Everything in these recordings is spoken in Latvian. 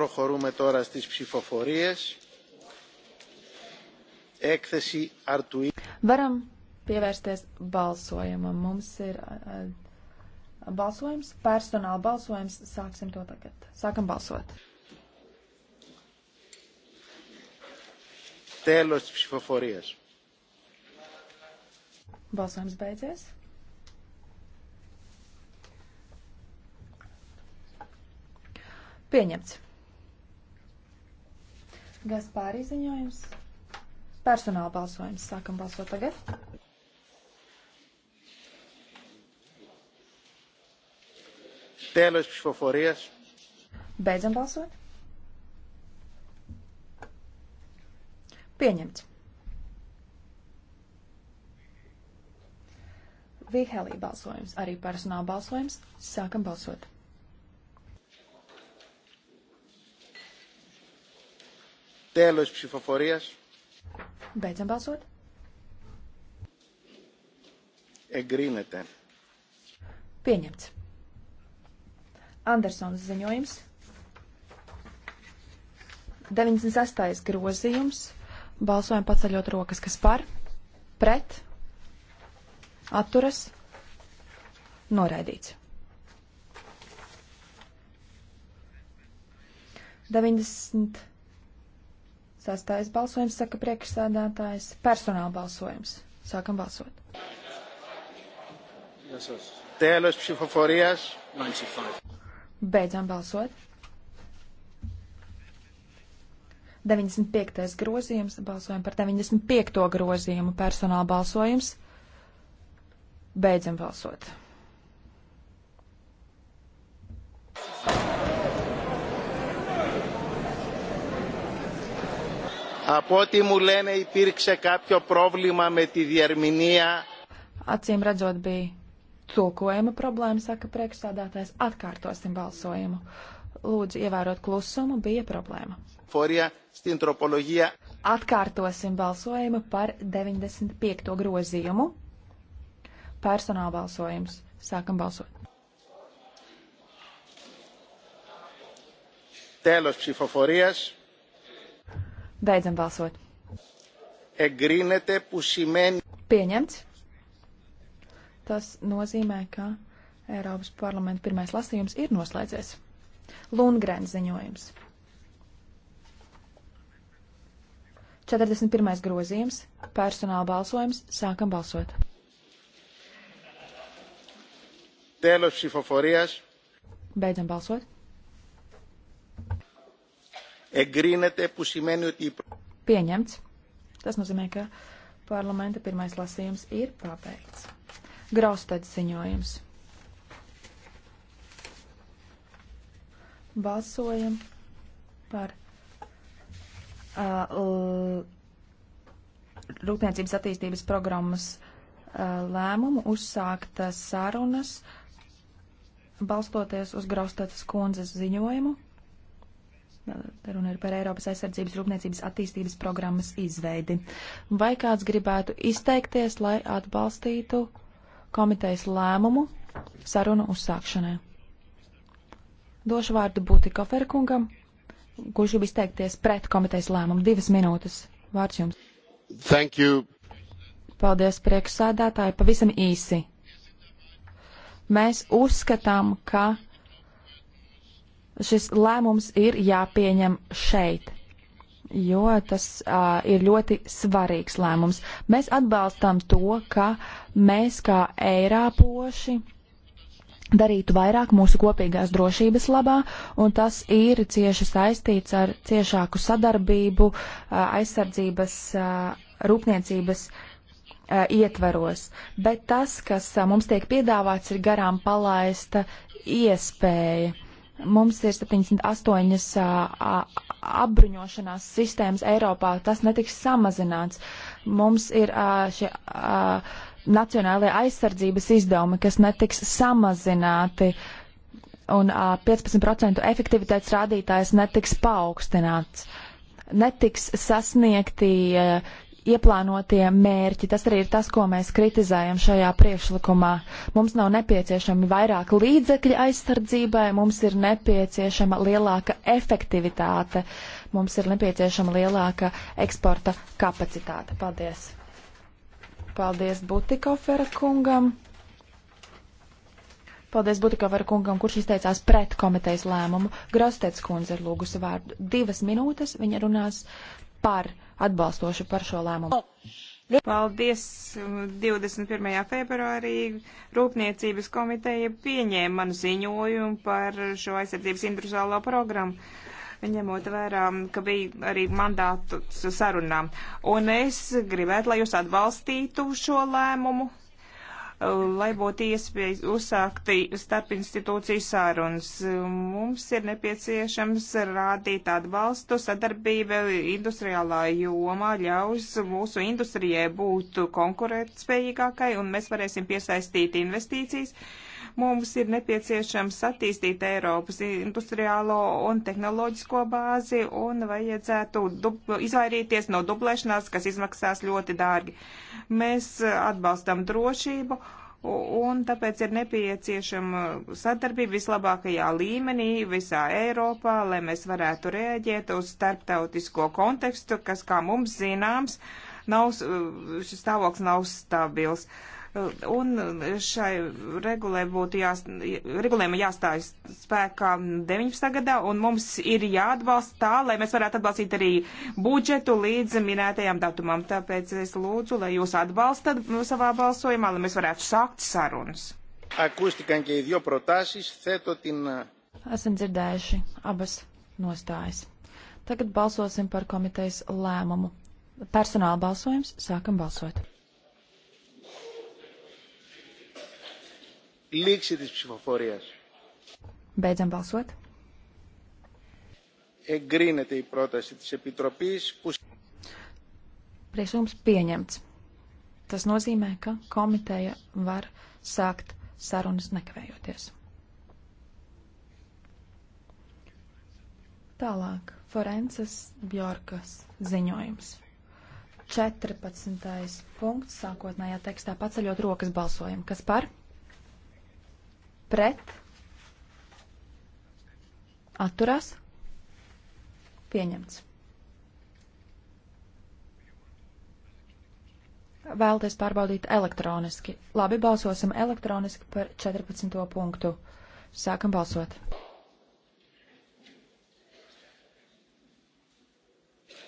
Προχωρούμε τώρα στις ψηφοφορίες. Έκθεση Αρτουή. Varam pievērsties balsojumam. Mums ir uh, balsojums, personāla balsojums. Sāksim to tagad. Sākam balsot. Τέλος της ψηφοφορίας. Balsojums beidzies. Pieņemts. Gaspārī ziņojums. Personāla balsojums. Sākam balsot tagad. Tēlis Šoforijas. Beidzam balsot. Pieņemts. Vihelī balsojums, arī personāla balsojums. Sākam balsot. Tēlos psihoforijas. Beidzam balsot. Egrīnete. Pieņemts. Andersons ziņojums. 96. grozījums. Balsojam paceļot rokas, kas par, pret, atturas, noraidīts. 90. Sastais balsojums, saka priekšsēdētājs. Personāla balsojums. Sākam balsot. Tēlus psihoforijas. Beidzam balsot. 95. grozījums. Balsojam par 95. grozījumu. Personāla balsojums. Beidzam balsot. Από ό,τι μου λένε υπήρξε κάποιο πρόβλημα με τη διερμηνία. Acīm redzot, bija tulkojuma problēma, saka priekšsādātājs. Atkārtosim balsojumu. Lūdzu, ievērot klusumu, bija problēma. Forija, stintropoloģija. Atkārtosim balsojumu par 95. grozījumu. Personāla balsojums. Sākam balsot. Tēlos psihoforijas. Beidzam balsot. Pieņemts. Tas nozīmē, ka Eiropas parlamenta pirmais lasījums ir noslēdzies. Lundgrēns ziņojums. 41. grozījums - personāla balsojums. Sākam balsot. Tēlos psihoforijas. Beidzam balsot εγκρίνεται που σημαίνει ότι... Pieņemts. Tas nozīmē, ka parlamenta pirmais lasījums ir pabeigts. Graustēts ziņojums. Balsojam par uh, Rūpniecības attīstības programmas uh, lēmumu uzsākt uh, sarunas, balstoties uz Graustētas kundzes ziņojumu. Runa ir par Eiropas aizsardzības rūpniecības attīstības programmas izveidi. Vai kāds gribētu izteikties, lai atbalstītu komitejas lēmumu sarunu uzsākšanai? Došu vārdu Būti Koferkungam, kurš grib izteikties pret komitejas lēmumu. Divas minūtes. Vārds jums. Thank you. Paldies, priekšsēdētāji. Pavisam īsi. Mēs uzskatām, ka šis lēmums ir jāpieņem šeit, jo tas uh, ir ļoti svarīgs lēmums. Mēs atbalstam to, ka mēs kā eirāpoši darītu vairāk mūsu kopīgās drošības labā, un tas ir cieši saistīts ar ciešāku sadarbību uh, aizsardzības uh, rūpniecības uh, ietveros. Bet tas, kas uh, mums tiek piedāvāts, ir garām palaista iespēja. Uh, Mums ir 78 apbruņošanās sistēmas Eiropā, tas netiks samazināts. Mums ir šie nacionālajie aizsardzības izdevumi, kas netiks samazināti, un 15% efektivitātes rādītājs netiks paaugstināts netiks sasniegti ieplānotie mērķi. Tas arī ir tas, ko mēs kritizējam šajā priekšlikumā. Mums nav nepieciešami vairāk līdzekļu aizsardzībai, mums ir nepieciešama lielāka efektivitāte, mums ir nepieciešama lielāka eksporta kapacitāte. Paldies! Paldies Butikofera kungam! Paldies Butikofera kungam, kurš izteicās pret komitejas lēmumu. Grostec kundze ir lūgusi vārdu divas minūtes, viņa runās par atbalstoši par šo lēmumu. Paldies! 21. februārī Rūpniecības komiteja pieņēma manu ziņojumu par šo aizsardzības industriālo programmu ņemot vērā, ka bija arī mandātu sarunām. Un es gribētu, lai jūs atbalstītu šo lēmumu lai būtu iespējas uzsākt starp institūciju sārunas. Mums ir nepieciešams rādīt atbalstu sadarbību industriālā jomā, ļaus mūsu industrijai būt konkurētspējīgākai un mēs varēsim piesaistīt investīcijas. investīcijas Mums ir nepieciešams attīstīt Eiropas industriālo un tehnoloģisko bāzi un vajadzētu izvairīties no dublēšanās, kas izmaksās ļoti dārgi. Mēs atbalstam drošību un tāpēc ir nepieciešama sadarbība vislabākajā līmenī visā Eiropā, lai mēs varētu rēģēt uz starptautisko kontekstu, kas, kā mums zināms, nav, šis stāvoklis nav stabils. Uh, Un šai regulē būtu jās, regulējumi jāstājas spēkā 19. gadā, un mums ir jāatbalsta tā, lai mēs varētu atbalstīt arī budžetu līdz minētajām datumam. Tāpēc es lūdzu, lai jūs atbalstat savā balsojumā, lai mēs varētu sākt sarunas. Ακούστηκαν και οι δύο προτάσεις. Θέτω την... Esam dzirdējuši abas nostājas. Tagad balsosim par komitejas lēmumu. Personāla balsojums. Sākam balsot. Λήξη της ψηφοφορίας. Beidzam balsot. Εγκρίνεται η πρόταση της Επιτροπής που... Priekšlikums pieņemts. Tas nozīmē, ka komiteja var sākt sarunas nekavējoties. Tālāk Forences Bjorkas ziņojums. 14. punkts sākotnējā tekstā paceļot rokas balsojumu. Kas par? pret, atturās, pieņemts. Vēlties pārbaudīt elektroniski. Labi, balsosim elektroniski par 14. punktu. Sākam balsot.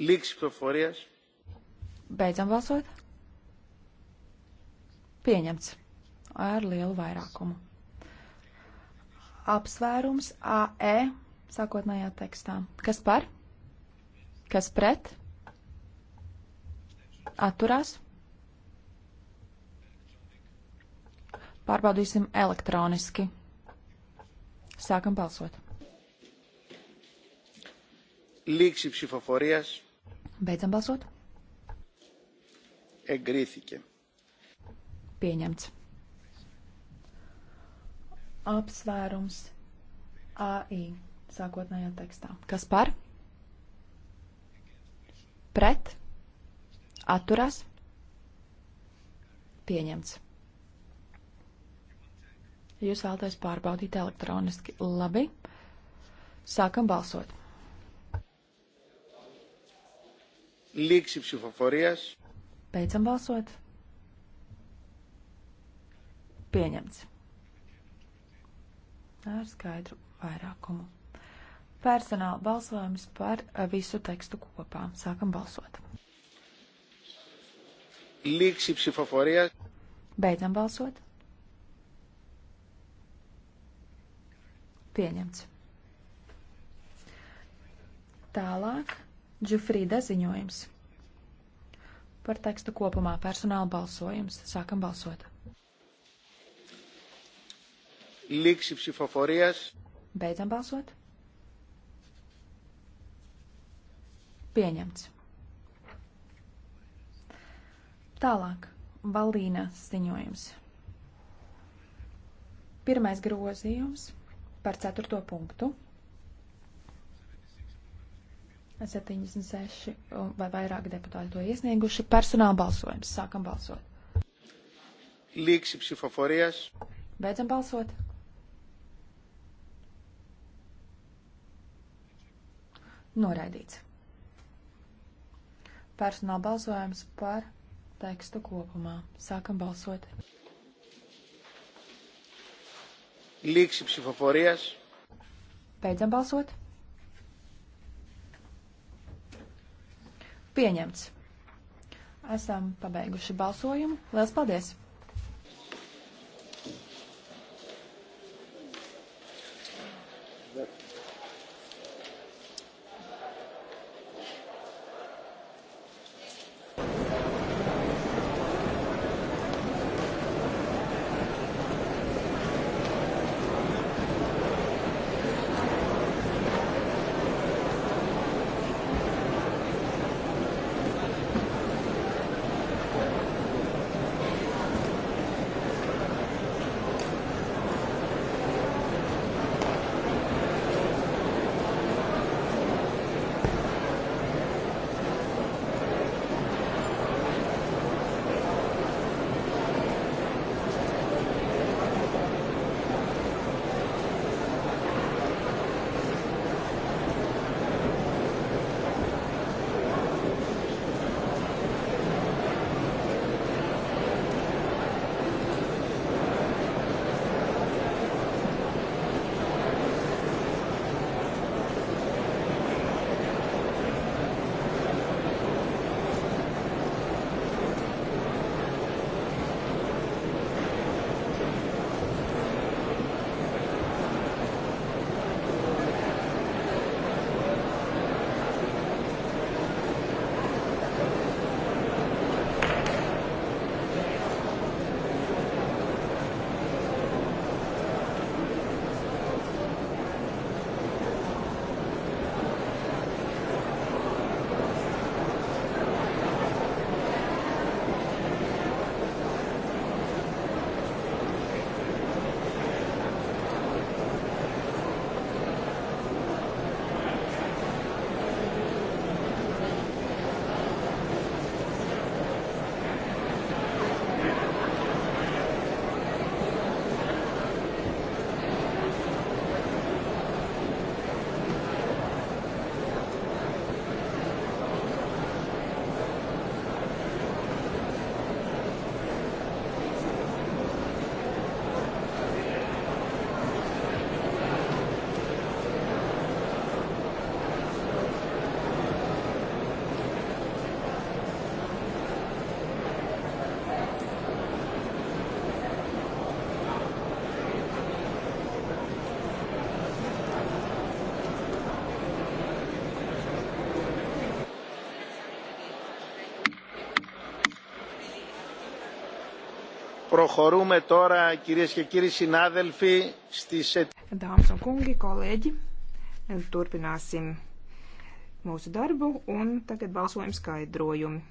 Līgs proforijas. Beidzam balsot. Pieņemts. Ar lielu vairākumu apsvērums AE sākotnējā tekstā. Kas par? Kas pret? Atturās? Pārbaudīsim elektroniski. Sākam balsot. Līksi psihoforijas. Beidzam balsot. Egrīfike. Pieņemts apsvērums AI sākotnējā tekstā. Kas par? Pret? Atturās? Pieņemts. Jūs vēlaties pārbaudīt elektroniski. Labi. Sākam balsot. Līksi psihoforijas. Beidzam balsot. Pieņemts ar skaidru vairākumu. Personāla balsojums par eh, visu tekstu kopā. Sākam balsot. Līksi psihoforija. Beidzam balsot. Pieņemts. Tālāk Džufrīda ziņojums. Par tekstu kopumā personāla balsojums. Sākam balsot. Λήξη ψηφοφορίας. Beidzam balsot. Pieņemts. Tālāk. Valīna ziņojums. Pirmais grozījums par ceturto punktu. 76 vai vairāk deputāti to iesnieguši. Personāla balsojums. Sākam balsot. Līksi psihoforijas. Beidzam balsot. Noraidīts. Personāla balsojums par tekstu kopumā. Sākam balsot. Līksi psihoforijas. Beidzam balsot. Pieņemts. Esam pabeiguši balsojumu. Lielas paldies! Προχωρούμε τώρα, κυρίες και κύριοι συνάδελφοι, στις... Dāmas un kungi, kolēģi, turpināsim mūsu darbu un tagad balsojam skaidrojumi.